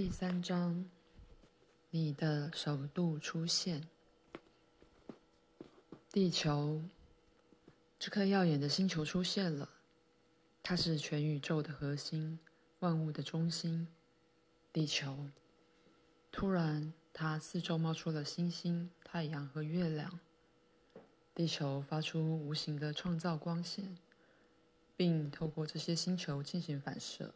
第三章，你的首度出現。地球，這顆耀眼的星球出現了，它是全宇宙的核心，萬物的中心。地球，突然，它四周冒出了星星、太陽和月亮。地球發出無形的創造光線，並透過這些星球進行反射。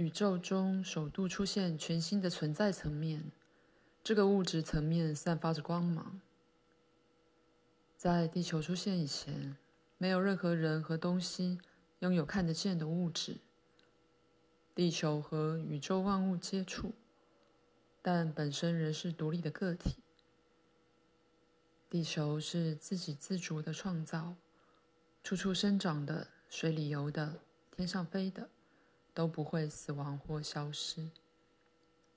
宇宙中首度出現全新的存在層面，這個物質層面散發着光芒。在地球出現以前，沒有任何人和東西擁有看得見的物質。地球和宇宙萬物接觸，但本身仍是獨立的個體。地球是自給自足的創造，處處生長的，水裡游的，天上飛的。都不會死亡或消失，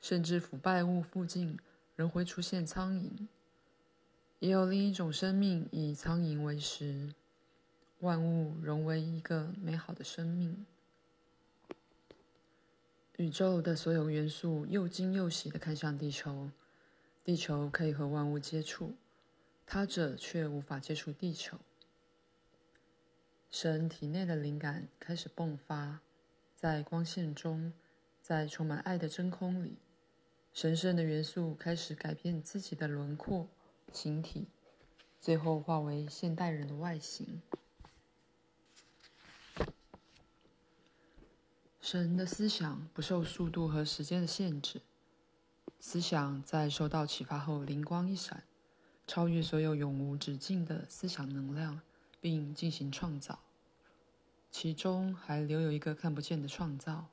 甚至腐敗物附近仍會出現蒼蠅，也有另一種生命以蒼蠅為食，萬物融為一個美好的生命。宇宙的所有元素又驚又喜地看向地球，地球可以和萬物接觸，他者卻無法接觸地球。神體內的靈感開始迸發。在光線中，在充滿愛的真空裡，神聖的元素開始改變自己的輪廓、形體，最後化為現代人的外形。神的思想不受速度和時間的限制，思想在受到啟發後靈光一閃，超越所有永無止境的思想能量，並進行創造。其中還留有一個看不見的創造，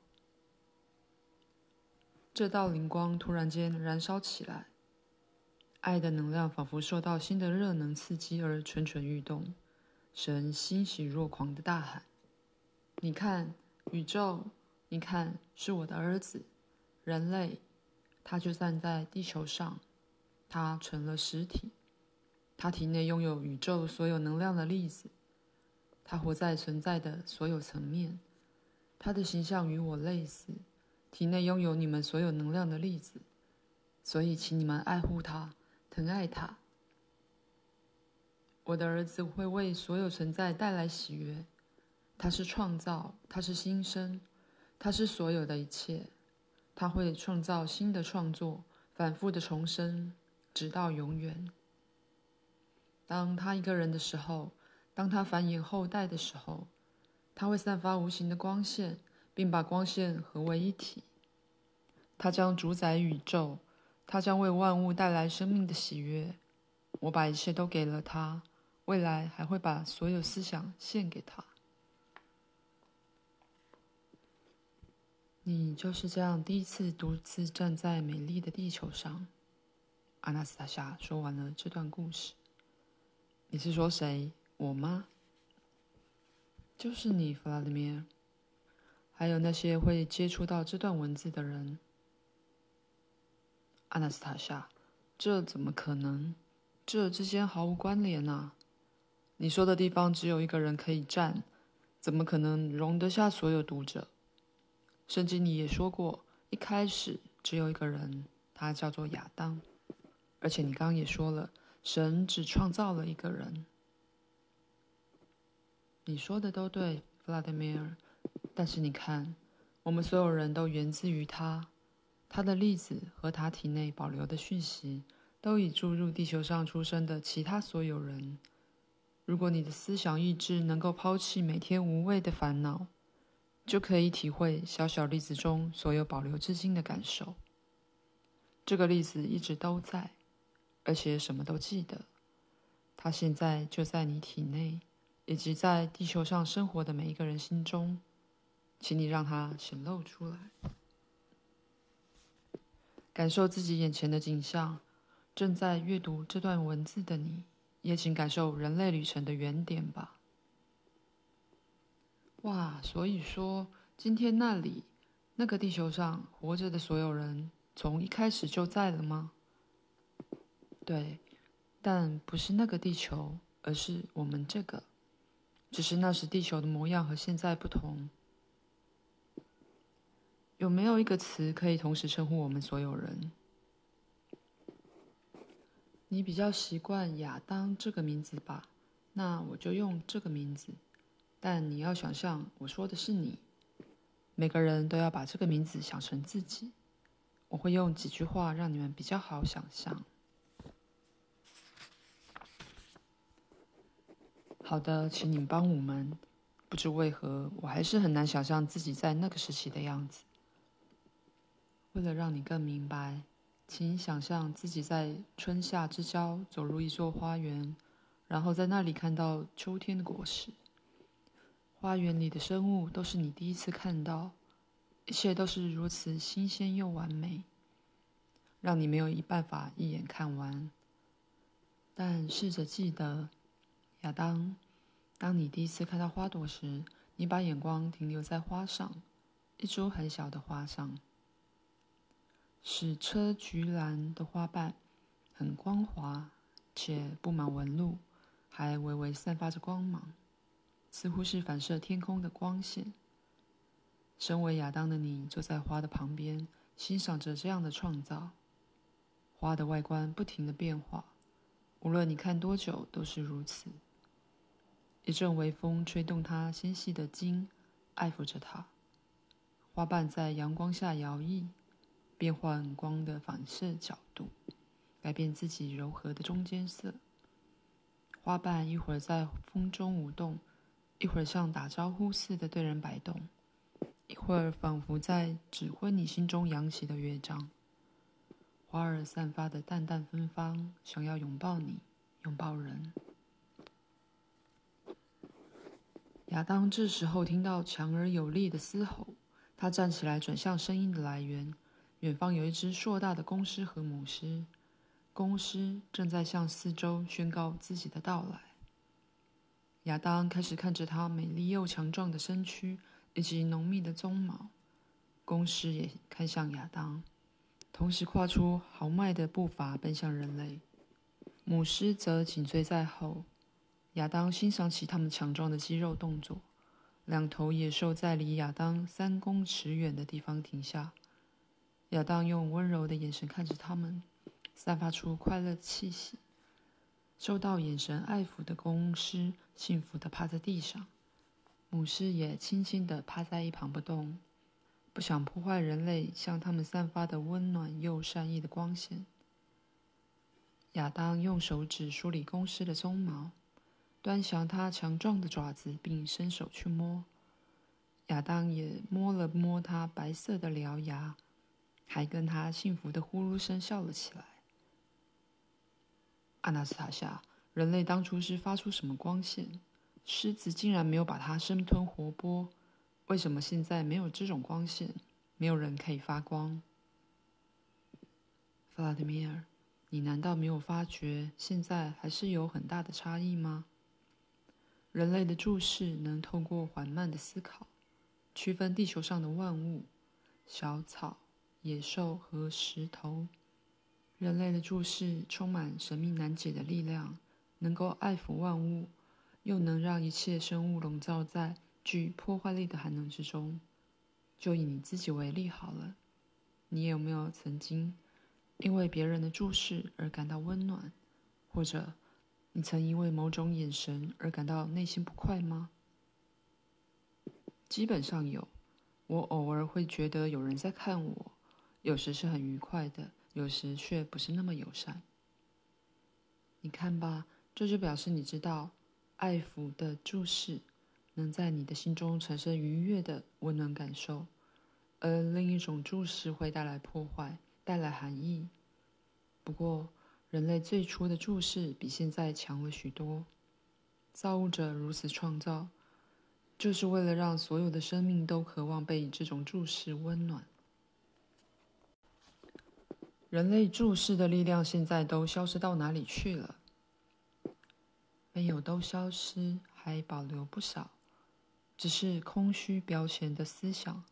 這道靈光突然間燃燒起來，愛的能量仿佛受到新的熱能刺激而蠢蠢欲動。神欣喜若狂的大喊：“你看，宇宙，你看，是我的兒子，人類，他就站在地球上，他成了實體，他體內擁有宇宙所有能量的粒子。”他活在存在的所有層面，他的形象與我類似，體內擁有你們所有能量的粒子，所以請你們愛護他，疼愛他。我的兒子會為所有存在帶來喜悅，他是創造，他是新生，他是所有的一切，他會創造新的創作，反覆的重生，直到永遠。當他一個人的時候。當他繁衍後代的時候，他會散發無形的光線，並把光線合為一體。他將主宰宇宙，他將為萬物帶來生命的喜悅。我把一切都給了他，未來還會把所有思想獻給他。你就是這樣第一次獨自站在美麗的地球上。阿納斯塔夏說完了這段故事。你是說誰？我嗎？就是你，弗拉迪米爾。還有那些會接觸到這段文字的人，阿納斯塔夏，這怎麼可能？這之間毫無關聯吶、啊。你說的地方只有一個人可以站，怎麼可能容得下所有讀者？聖經裡也說過，一開始只有一個人，他叫做亞當。而且你剛剛也說了，神只創造了一個人。你說的都對，弗拉德米爾。但是你看，我們所有人都源自於他，他的粒子和他體內保留的訊息，都已注入地球上出生的其他所有人。如果你的思想意志能夠拋棄每天無謂的煩惱，就可以體會小小粒子中所有保留至今的感受。這個粒子一直都在，而且什麼都記得。他現在就在你體內。以及在地球上生活的每一個人心中，請你讓它顯露出來。感受自己眼前的景象，正在閱讀這段文字的你，也請感受人類旅程的原點吧。哇，所以說今天那裡，那個地球上活着的所有人，從一開始就在了嗎？對，但不是那個地球，而是我們這個。只是那時地球的模樣和現在不同。有沒有一個詞可以同時稱呼我們所有人？你比較習慣亞當這個名字吧？那我就用這個名字。但你要想象我說的是你。每個人都要把這個名字想成自己。我會用幾句話讓你們比較好想象。好的，請你幫我們。不知為何，我還是很難想象自己在那個時期的樣子。為了讓你更明白，請想象自己在春夏之交走入一座花園，然後在那裡看到秋天的果實。花園裡的生物都是你第一次看到，一切都是如此新鮮又完美，讓你沒有辦法一眼看完。但試着記得。亞當，當你第一次看到花朵時，你把眼光停留在花上，一株很小的花上。矢車菊藍的花瓣，很光滑，且布滿紋路，還微微散發着光芒，似乎是反射天空的光線。身為亞當的你，坐在花的旁邊，欣賞着這樣的創造。花的外觀不停的變化，無論你看多久，都是如此。一陣微風吹動它纖細的莖，愛撫着它。花瓣在陽光下搖曳，變換光的反射角度，改變自己柔和的中間色。花瓣一會兒在風中舞動，一會兒像打招呼似的對人擺動，一會兒仿佛在指揮你心中揚起的樂章。花兒散發的淡淡芬芳，想要擁抱你，擁抱人。亞當這時候聽到強而有力的嘶吼，他站起來轉向聲音的來源。遠方有一隻碩大的公獅和母獅，公獅正在向四周宣告自己的到來。亞當開始看着他美麗又強壯的身軀以及濃密的鬃毛，公獅也看向亞當，同時跨出豪邁的步伐奔向人類。母獅則緊追在後。亞當欣賞起他們強壯的肌肉動作，兩頭野獸在離亞當三公尺遠的地方停下。亞當用溫柔的眼神看着他們，散發出快樂的氣息。受到眼神愛撫的公獅幸福地趴在地上，母獅也輕輕地趴在一旁不動，不想破壞人類向他們散發的溫暖又善意的光線。亞當用手指梳理公獅的鬃毛。端詳它強壯的爪子，並伸手去摸。亞當也摸了摸它白色的獠牙，還跟它幸福的呼嚕聲笑了起來。阿納斯塔夏，人類當初是發出什麼光線？獅子竟然沒有把它生吞活剝。為什麼現在沒有這種光線？沒有人可以發光。弗拉德米爾，你難道沒有發覺現在還是有很大的差異嗎？人類的注視能透過緩慢的思考，區分地球上的萬物：小草、野獸和石頭。人類的注視充滿神秘難解的力量，能夠愛撫萬物，又能讓一切生物籠罩在具破壞力的寒冷之中。就以你自己為例好了，你有沒有曾經因為別人的注視而感到溫暖，或者？你曾因為某種眼神而感到內心不快嗎？基本上有，我偶爾會覺得有人在看我，有時是很愉快的，有時卻不是那麼友善。你看吧，這就表示你知道，愛撫的注視能在你的心中產生愉悅的溫暖感受，而另一種注視會帶來破壞，帶來寒意。不過，人類最初的注視比現在強了許多。造物者如此創造，就是為了讓所有的生命都渴望被這種注視溫暖。人類注視的力量現在都消失到哪裡去了？沒有都消失，還保留不少，只是空虛表淺的思想、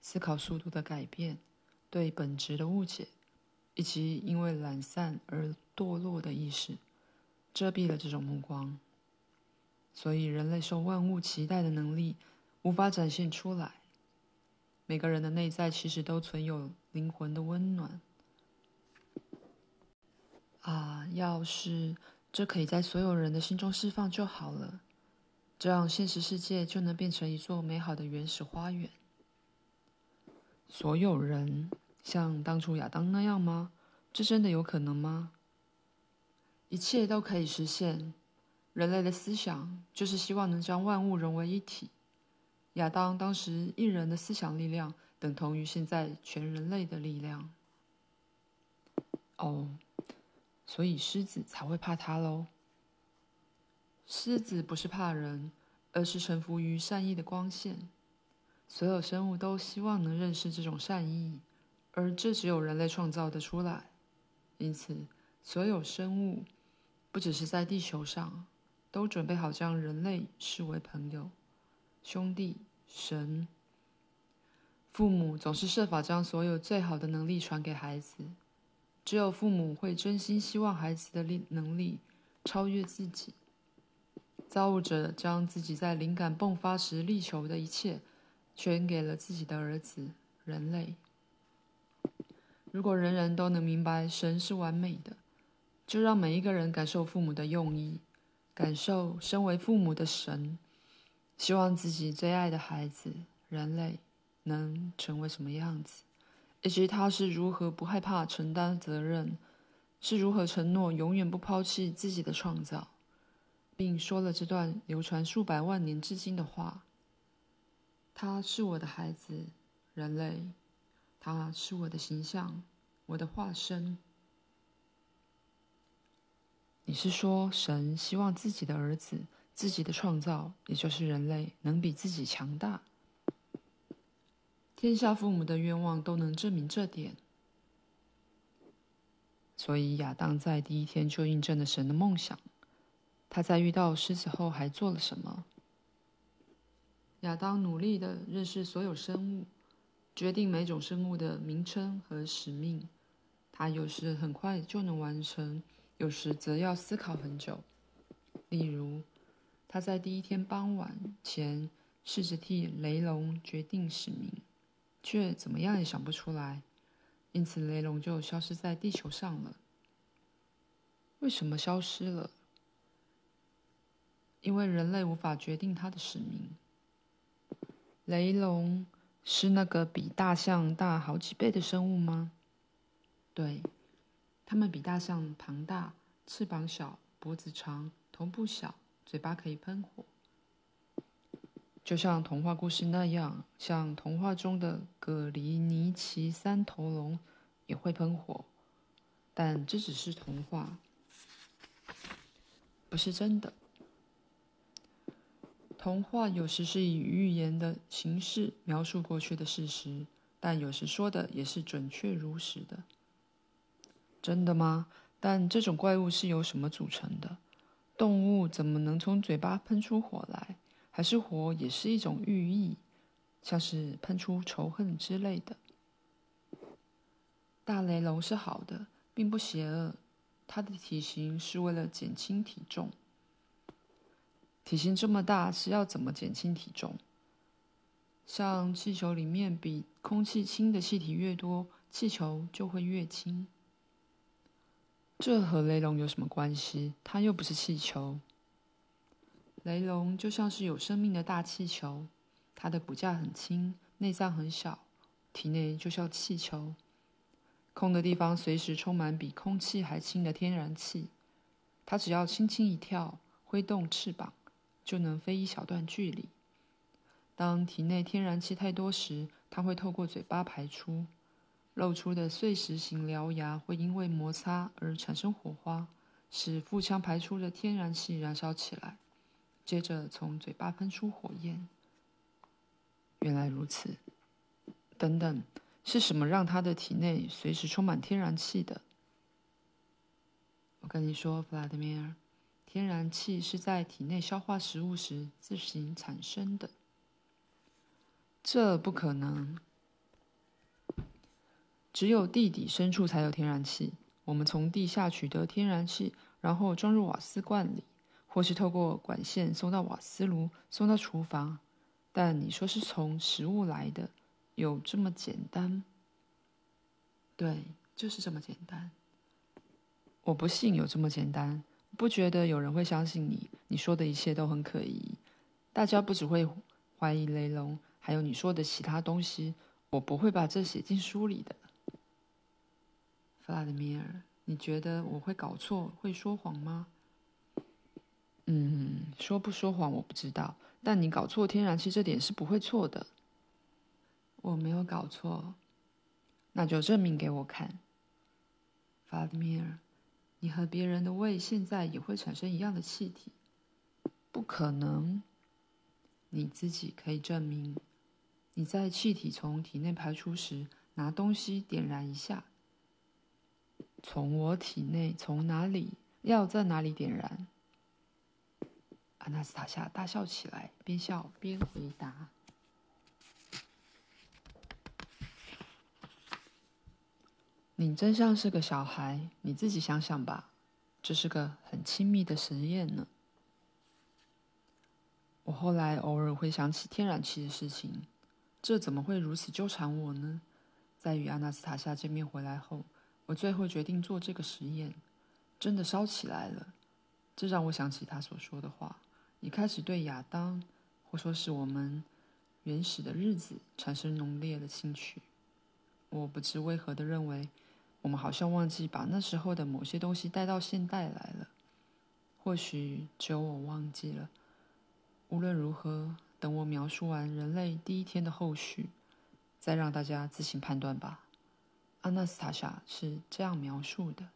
思考速度的改變、對本質的誤解。以及因為懶散而墮落的意識，遮蔽了這種目光。所以，人類受萬物期待的能力無法展現出來。每個人的內在其實都存有靈魂的溫暖。啊，要是這可以在所有人的心中釋放就好了，這樣現實世界就能變成一座美好的原始花園。所有人。像當初亞當那樣嗎？這真的有可能嗎？一切都可以實現。人類的思想就是希望能將萬物融為一體。亞當當時一人的思想力量等同於現在全人類的力量。哦，oh, 所以獅子才會怕他嘍。獅子不是怕人，而是臣服於善意的光線。所有生物都希望能認識這種善意。而這只有人類創造的出來，因此，所有生物，不只是在地球上，都準備好將人類視為朋友、兄弟、神。父母總是設法將所有最好的能力傳給孩子，只有父母會真心希望孩子的力能力超越自己。造物者將自己在靈感迸發時力求的一切，全給了自己的兒子——人類。如果人人都能明白神是完美的，就讓每一個人感受父母的用意，感受身為父母的神，希望自己最愛的孩子人類能成為什麼樣子，以及他是如何不害怕承擔責任，是如何承諾永遠不拋棄自己的創造，並說了這段流傳數百萬年至今的話。他是我的孩子，人類。他是我的形象，我的化身。你是說，神希望自己的兒子、自己的創造，也就是人類，能比自己強大？天下父母的願望都能證明這點。所以亞當在第一天就印證了神的夢想。他在遇到獅子後還做了什麼？亞當努力地認識所有生物。決定每種生物的名稱和使命，他有時很快就能完成，有時則要思考很久。例如，他在第一天傍晚前試着替雷龍決定使命，卻怎麼樣也想不出來，因此雷龍就消失在地球上了。為什麼消失了？因為人類無法決定他的使命。雷龍。是那個比大象大好幾倍的生物嗎？對，它們比大象龐大，翅膀小，脖子長，頭部小，嘴巴可以噴火。就像童話故事那樣，像童話中的格里尼奇三頭龍也會噴火，但這只是童話，不是真的。童話有時是以寓言的形式描述過去的事實，但有時說的也是準確如實的。真的嗎？但這種怪物是由什麼組成的？動物怎麼能從嘴巴噴出火來？還是火也是一種寓意，像是噴出仇恨之類的？大雷龍是好的，並不邪惡。它的體型是為了減輕體重。體型這麼大是要怎麼減輕體重？像氣球裡面比空氣輕的氣體越多，氣球就會越輕。這和雷龍有什麼關係？它又不是氣球。雷龍就像是有生命的大氣球，它的骨架很輕，內臟很小，體內就像氣球，空的地方隨時充滿比空氣還輕的天然氣。它只要輕輕一跳，揮動翅膀，就能飛一小段距離。當體內天然氣太多時，它會透過嘴巴排出，露出的碎石型獠牙會因為摩擦而產生火花，使腹腔排出的天然氣燃燒起來，接着從嘴巴噴出火焰。原來如此。等等，是什麼讓它的體內隨時充滿天然氣的？我跟你說，弗拉德米爾。天然氣是在體內消化食物時自行產生的。這不可能。只有地底深處才有天然氣，我們從地下取得天然氣，然後裝入瓦斯罐裡，或是透過管線送到瓦斯爐、送到廚房。但你說是從食物來的，有這麼簡單？對，就是這麼簡單。我不信有這麼簡單。不覺得有人會相信你？你說的一切都很可疑。大家不只會懷疑雷龍，還有你說的其他東西。我不會把這寫進書裡的。弗拉德米爾，你覺得我會搞錯、會說謊嗎？嗯，說不說謊我不知道。但你搞錯天然氣這點是不會錯的。我沒有搞錯。那就證明給我看，弗拉德米爾。你和別人的胃現在也會產生一樣的氣體，不可能。你自己可以證明。你在氣體從體內排出時，拿東西點燃一下。從我體內，從哪裡？要在哪裡點燃？阿納斯塔夏大笑起來，邊笑邊回答。你真像是個小孩，你自己想想吧，這是個很親密的實驗呢。我後來偶爾會想起天然氣的事情，這怎麼會如此糾纏我呢？在與阿納斯塔夏見面回來後，我最後決定做這個實驗，真的燒起來了。這讓我想起他所說的話：你開始對亞當，或者說是我們原始的日子，產生濃烈的興趣。我不知為何的認為。我們好像忘記把那時候的某些東西帶到現代來了，或許只有我忘記了。無論如何，等我描述完人類第一天的後續，再讓大家自行判斷吧。阿納斯塔夏是這樣描述的。